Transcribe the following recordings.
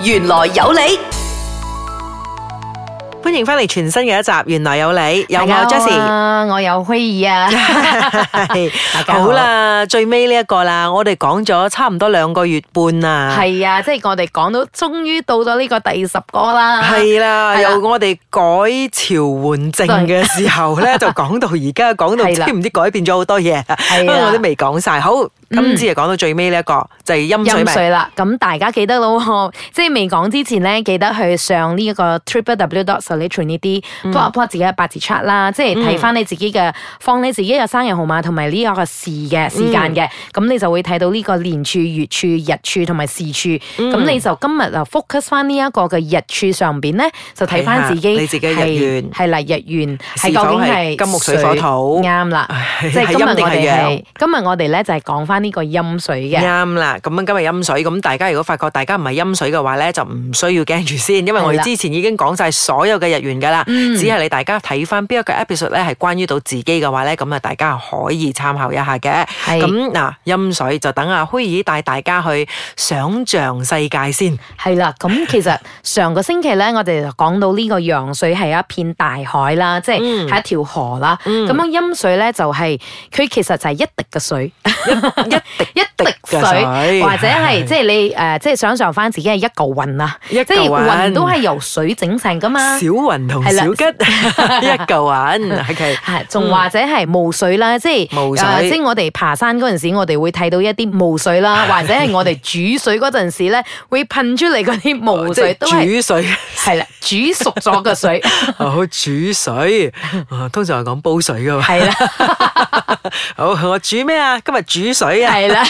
玄來有理。歡迎翻嚟全新嘅一集，原來有你，有我 Jessie，我有希爾啊，好啦，最尾呢一個啦，我哋講咗差唔多兩個月半啦，係啊，即係我哋講到，終於到咗呢個第十個啦，係啦，由我哋改朝換政嘅時候咧，就講到而家，講到天唔知改變咗好多嘢，不過我都未講晒。好，咁今次講到最尾呢一個就係音水啦。咁大家記得咯，我即係未講之前咧，記得去上呢一個 www. 你填呢啲 post、嗯、post 一 post 自己嘅八字出啦，即係睇翻你自己嘅、嗯、放你自己嘅生日號碼同埋呢一個時嘅時間嘅，咁、嗯、你就會睇到呢個年柱、月柱、日柱同埋時柱，咁、嗯、你就今日就 focus 翻呢一個嘅日柱上邊咧，就睇翻自己係係立日元，係究竟係金木水火土啱啦。即係今日我哋今日我哋咧就係講翻呢個陰水嘅啱啦。咁樣今日陰水，咁大家如果發覺大家唔係陰水嘅話咧，就唔需要驚住先，因為我哋之前已經講晒所有。日元噶啦，嗯、只係你大家睇翻邊一個嘅 episode 咧，係關於到自己嘅話咧，咁啊，大家可以參考一下嘅。咁嗱是，陰水就等阿灰兒帶大家去想象世界先。係啦，咁其實上個星期咧，我哋就講到呢個陽水係一片大海啦，即係係一條河啦。咁樣陰水咧就係、是、佢其實就係一滴嘅水， 一滴 一滴。水或者係即係你誒，即係想象翻自己係一嚿雲啊，即係雲都係由水整成噶嘛小雲同小吉一嚿雲，係仲或者係霧水啦，即係誒，即係我哋爬山嗰陣時，我哋會睇到一啲霧水啦，或者係我哋煮水嗰陣時咧，會噴出嚟嗰啲霧水都係煮水係啦，煮熟咗個水。哦，煮水，通常係講煲水噶嘛。係啦，好，我煮咩啊？今日煮水啊。係啦。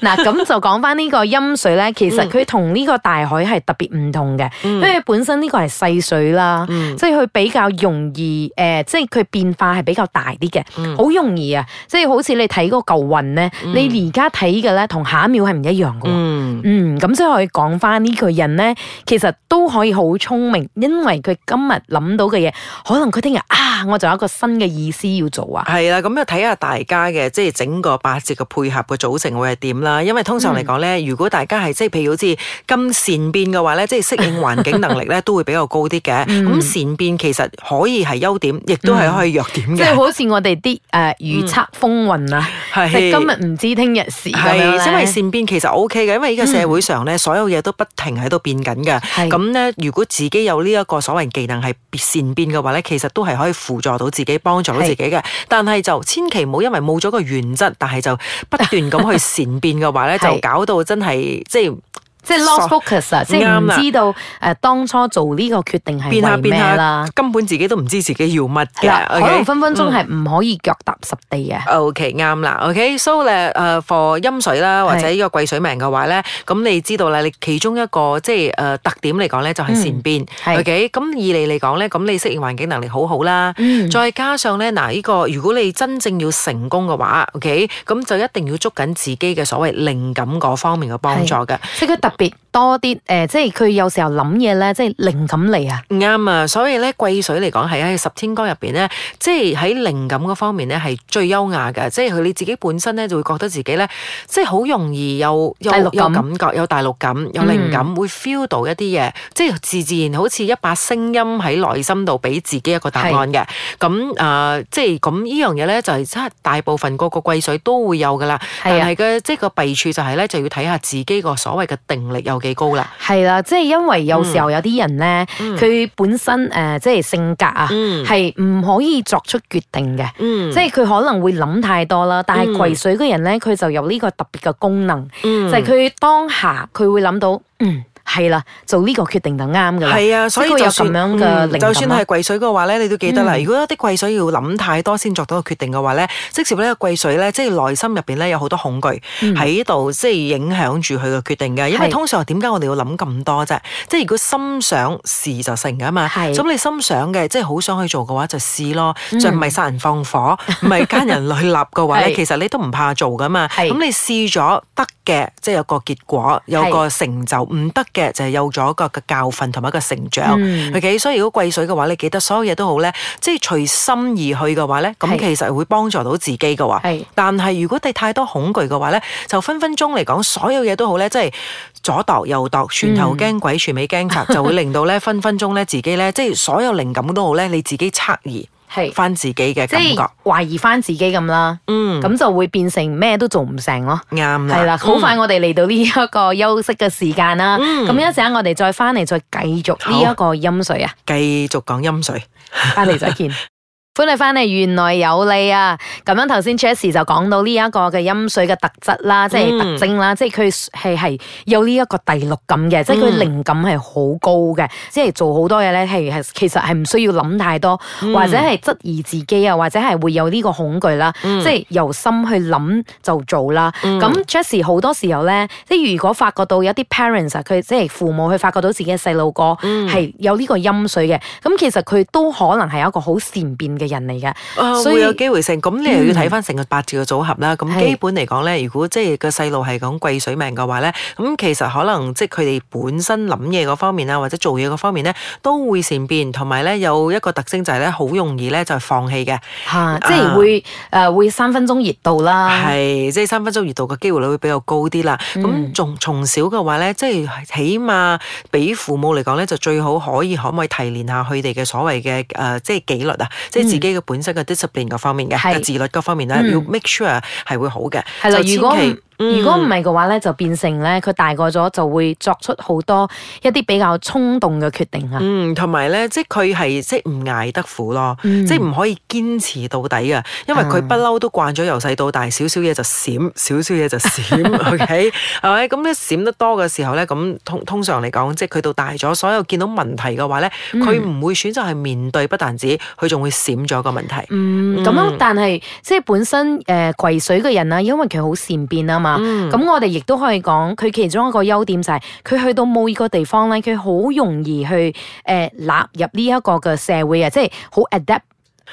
嗱咁 就講翻呢個陰水咧，其實佢同呢個大海係特別唔同嘅，嗯、因為本身呢個係細水啦，嗯、即係佢比較容易誒、呃，即係佢變化係比較大啲嘅，好、嗯、容易啊！即係好似你睇嗰嚿雲咧，嗯、你而家睇嘅咧同下一秒係唔一樣嘅。嗯，咁、嗯、即係可以講翻呢個人咧，其實都可以好聰明，因為佢今日諗到嘅嘢，可能佢聽日啊，我就有一個新嘅意思要做啊。係啦，咁又睇下大家嘅即係整個八字嘅配。合嘅組成會係點啦？因為通常嚟講咧，如果大家係即係譬如好似咁善變嘅話咧，即係適應環境能力咧都會比較高啲嘅。咁 善變其實可以係優點，亦都係可以弱點嘅，嗯。即係好似我哋啲誒，預測風雲啊，係，嗯、今日唔知聽日事咁，因為善變其實 O K 嘅，因為呢個社會上咧所有嘢都不停喺度變緊嘅。咁咧，如果自己有呢一個所謂技能係善變嘅話咧，其實都係可以輔助到自己，幫助到自己嘅是。但係就千祈唔好因為冇咗個原則，但係就不不斷咁去善變嘅話咧，就搞到真係即係。即係 lost focus 啊！即係唔知道誒當初做呢個決定係為咩啦，根本自己都唔知自己要乜嘅，可能分分鐘係唔可以腳踏實地啊！O K 啱啦，O K，所以咧誒，for 陰水啦，或者呢個癸水命嘅話咧，咁你知道咧，你其中一個即係誒特點嚟講咧，就係善變，O K。咁以你嚟講咧，咁你適應環境能力好好啦，再加上咧嗱，呢個如果你真正要成功嘅話，O K，咁就一定要捉緊自己嘅所謂靈感嗰方面嘅幫助嘅，所以佢特別多啲誒，即係佢有時候諗嘢咧，即係靈感嚟啊！啱啊，所以咧，貴水嚟講，係喺十天干入邊咧，即係喺靈感嗰方面咧係最優雅嘅，即係佢你自己本身咧就會覺得自己咧，即係好容易有有有感覺，有大陸感，有靈感，會 feel 到一啲嘢，即係自自然好似一把聲音喺內心度俾自己一個答案嘅。咁誒即係咁呢樣嘢咧，就係即係大部分個個貴水都會有噶啦。但係嘅即係個弊處就係咧，就要睇下自己個所謂嘅定。能力有幾高啦？係啦，即係因為有時候有啲人咧，佢、嗯、本身誒、呃，即係性格啊，係唔、嗯、可以作出決定嘅。嗯、即係佢可能會諗太多啦。但係癸水嘅人咧，佢、嗯、就有呢個特別嘅功能，嗯、就係佢當下佢會諗到。嗯係啦，做呢個決定就啱㗎。係啊，所以就算就算係貴水嘅話咧，你都記得啦。如果一啲貴水要諗太多先作到個決定嘅話咧，即係呢個貴水咧，即係內心入邊咧有好多恐懼喺度，即係影響住佢嘅決定嘅。因為通常點解我哋要諗咁多啫？即係如果心想事就成㗎嘛。咁你心想嘅，即係好想去做嘅話就試咯。就唔係殺人放火，唔係奸人累立嘅話，其實你都唔怕做㗎嘛。咁你試咗得嘅，即係有個結果，有個成就，唔得。嘅就係有咗一個嘅教訓同埋一個成長、嗯、，OK。所以如果貴水嘅話，你記得所有嘢都好咧，即係隨心而去嘅話咧，咁是其實會幫助到自己嘅喎。係是，但係如果你太多恐懼嘅話咧，就分分鐘嚟講，所有嘢都好咧，即係左度右度，船頭驚鬼，船、嗯、尾驚賊，就會令到咧分分鐘咧自己咧，即係 所有靈感都好咧，你自己測疑。係翻自己嘅感覺，懷疑翻自己咁啦，嗯，咁就會變成咩都做唔成咯，啱啦，係啦，好快我哋嚟到呢一個休息嘅時間啦，咁、嗯、一陣我哋再翻嚟再繼續呢一個音水啊，繼續講音水，翻嚟再見。 歡迎翻嚟，玄來有理啊！咁樣頭先 Chas 就講到呢一個嘅音水嘅特質啦，嗯，即係特徵啦，即係佢係係有呢一個第六感嘅，即係佢靈感係好高嘅，即係做好多嘢咧，係係其實係唔需要諗太多，嗯，或者係質疑自己啊，或者係會有呢個恐懼啦，嗯，即係由心去諗就做啦。咁 Chas 好，嗯，多時候咧，即係如果發覺到有啲 parents 啊，佢即係父母去發覺到自己嘅細路哥係有呢個音水嘅，咁，嗯，其實佢都可能係一個好善變嘅人嚟噶，所以、啊、有機會性。咁、嗯、你又要睇翻成個八字嘅組合啦。咁、嗯、基本嚟講咧，如果即係個細路係講貴水命嘅話咧，咁其實可能即係佢哋本身諗嘢嗰方面啊，或者做嘢嗰方面咧，都會善變，同埋咧有一個特徵就係咧好容易咧就係、是、放棄嘅。嚇、啊，啊、即係會誒、呃、會三分鐘熱度啦。係，即、就、係、是、三分鐘熱度嘅機會率會比較高啲啦。咁從、嗯、從小嘅話咧，即、就、係、是、起碼俾父母嚟講咧，就最好可以可唔可以提煉下佢哋嘅所謂嘅誒即係紀律啊，即係、嗯。嗯自己嘅本身嘅 discipline 各方面嘅是自律各方面咧，嗯、要 make sure 係會好嘅。的就前期。如果唔係嘅話咧，就變成咧佢大個咗就會作出好多一啲比較衝動嘅決定啊。嗯，同埋咧，即係佢係即係唔捱得苦咯，即係唔可以堅持到底噶。因為佢不嬲都慣咗由細到大，少少嘢就閃，少少嘢就閃，OK，係咪？咁咧閃得多嘅時候咧，咁通通常嚟講，即係佢到大咗，所有見到問題嘅話咧，佢唔會選擇去面對，不但止，佢仲會閃咗個問題。咁樣但係即係本身誒，癸水嘅人啦，因為佢好善變啊。嘛，咁，嗯、我哋亦都可以講，佢其中一個優點就係，佢去到每一個地方咧，佢好容易去誒納、呃、入呢一個嘅社會啊，即係好 adapt。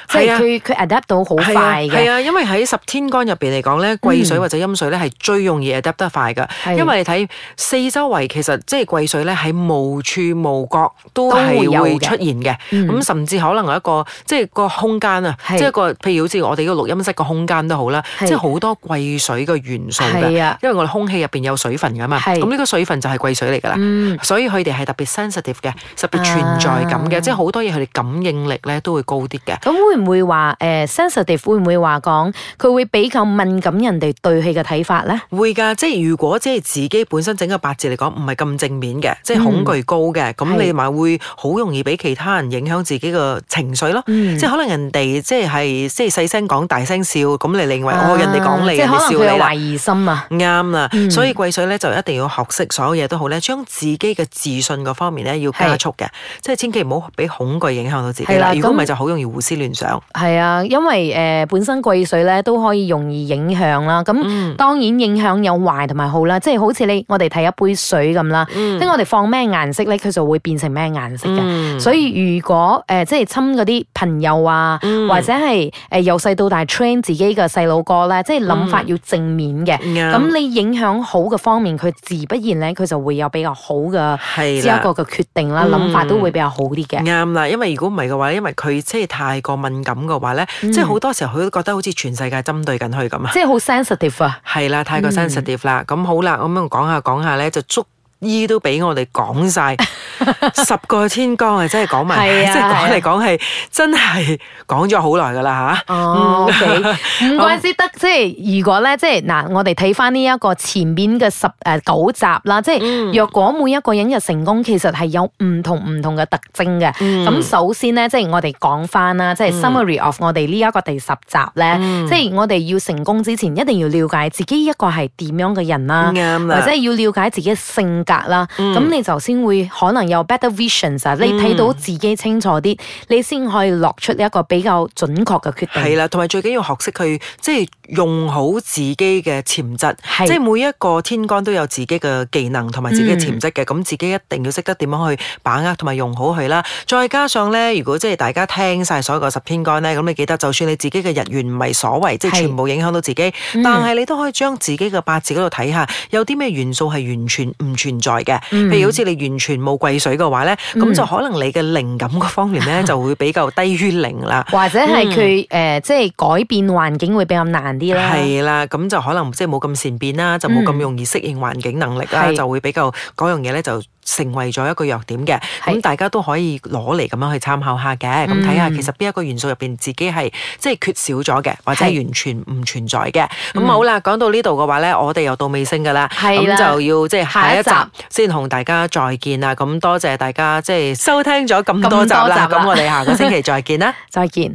即係佢佢 adapt 到好快嘅。係啊，因為喺十天干入邊嚟講咧，癸水或者陰水咧係最容易 adapt 得快噶。係，因為你睇四周圍，其實即係癸水咧係無處無角都係會出現嘅。咁甚至可能一個即係個空間啊，即係個，譬如好似我哋個錄音室個空間都好啦，即係好多癸水嘅元素嘅。因為我哋空氣入邊有水分噶嘛，咁呢個水分就係癸水嚟噶啦。所以佢哋係特別 sensitive 嘅，特別存在感嘅，即係好多嘢佢哋感應力咧都會高啲嘅。會唔會話誒 sensitive 會唔會話講佢會比較敏感，人哋對佢嘅睇法咧？會噶，即係如果即係自己本身整個八字嚟講唔係咁正面嘅，即係恐懼高嘅，咁你咪會好容易俾其他人影響自己嘅情緒咯。即係可能人哋即係即係細聲講大聲笑，咁你認為哦，人哋講你，你笑你話。即係可能佢懷疑心啊。啱啦，所以貴水咧就一定要學識所有嘢都好咧，將自己嘅自信個方面咧要加速嘅，即係千祈唔好俾恐懼影響到自己。係啦，如果唔係就好容易胡思亂。係啊，因為誒、呃、本身貴水咧都可以容易影響啦。咁、嗯、當然影響有壞同埋好啦，即係好似你我哋睇一杯水咁啦，即係、嗯、我哋放咩顏色咧，佢就會變成咩顏色嘅。嗯、所以如果誒、呃、即係侵嗰啲朋友啊，嗯、或者係誒、呃、由細到大 train 自己嘅細佬哥咧，即係諗法要正面嘅。咁、嗯、你影響好嘅方面，佢自不然咧，佢就會有比較好嘅，即係一個嘅決定啦，諗法都會比較好啲嘅。啱啦、嗯，因為如果唔係嘅話，因為佢即係太過。敏感嘅話咧，嗯、即係好多時候佢都覺得好似全世界針對緊佢咁啊！嗯、即係好 sensitive 啊，係啦，太過 sensitive 啦。咁、嗯、好啦，咁樣講下講下咧，就捉。依都俾我哋講晒十個天光 啊！真係講埋，即係講嚟講去，真係講咗好耐噶啦吓。唔怪之得。即係如果咧，即係嗱，我哋睇翻呢一個前面嘅十誒、呃、九集啦。即係、嗯、若果每一個人嘅成功，其實係有唔同唔同嘅特徵嘅。咁、嗯、首先咧，即係我哋講翻啦，嗯、即係 summary of 我哋呢一個第十集咧，即係我哋要成功之前，一定要了解自己一個係點樣嘅人啦，或者要了解自己嘅性格。啦，咁、嗯、你就先會可能有 better visions、嗯、你睇到自己清楚啲，你先可以落出一個比較準確嘅決定。係啦，同埋最緊要學識去即係用好自己嘅潛質，是即係每一個天干都有自己嘅技能同埋自己嘅潛質嘅，咁、嗯、自己一定要識得點樣去把握同埋用好佢啦。再加上咧，如果即係大家聽晒所有嘅十天干咧，咁你記得就算你自己嘅日元唔係所謂，是即係全部影響到自己，嗯、但係你都可以將自己嘅八字嗰度睇下，有啲咩元素係完全唔存在嘅，譬、嗯、如好似你完全冇癸水嘅話咧，咁、嗯、就可能你嘅靈感個方面咧就會比較低於零啦，或者係佢誒，即係、嗯呃就是、改變環境會比較難啲啦。係啦，咁就可能即係冇咁善變啦，就冇咁容易適應環境能力啦，嗯、就會比較嗰的樣嘢咧就。成為咗一個弱點嘅，咁是大家都可以攞嚟咁樣去參考下嘅，咁睇下其實邊一個元素入邊自己係即係缺少咗嘅，是或者完全唔存在嘅。咁、嗯、好啦，講到呢度嘅話咧，我哋又到尾聲噶啦，咁的就要即係、就是、下一集先同大家再見啦。咁多謝大家即係、就是、收聽咗咁多集啦，咁我哋下個星期再見啦， 再見。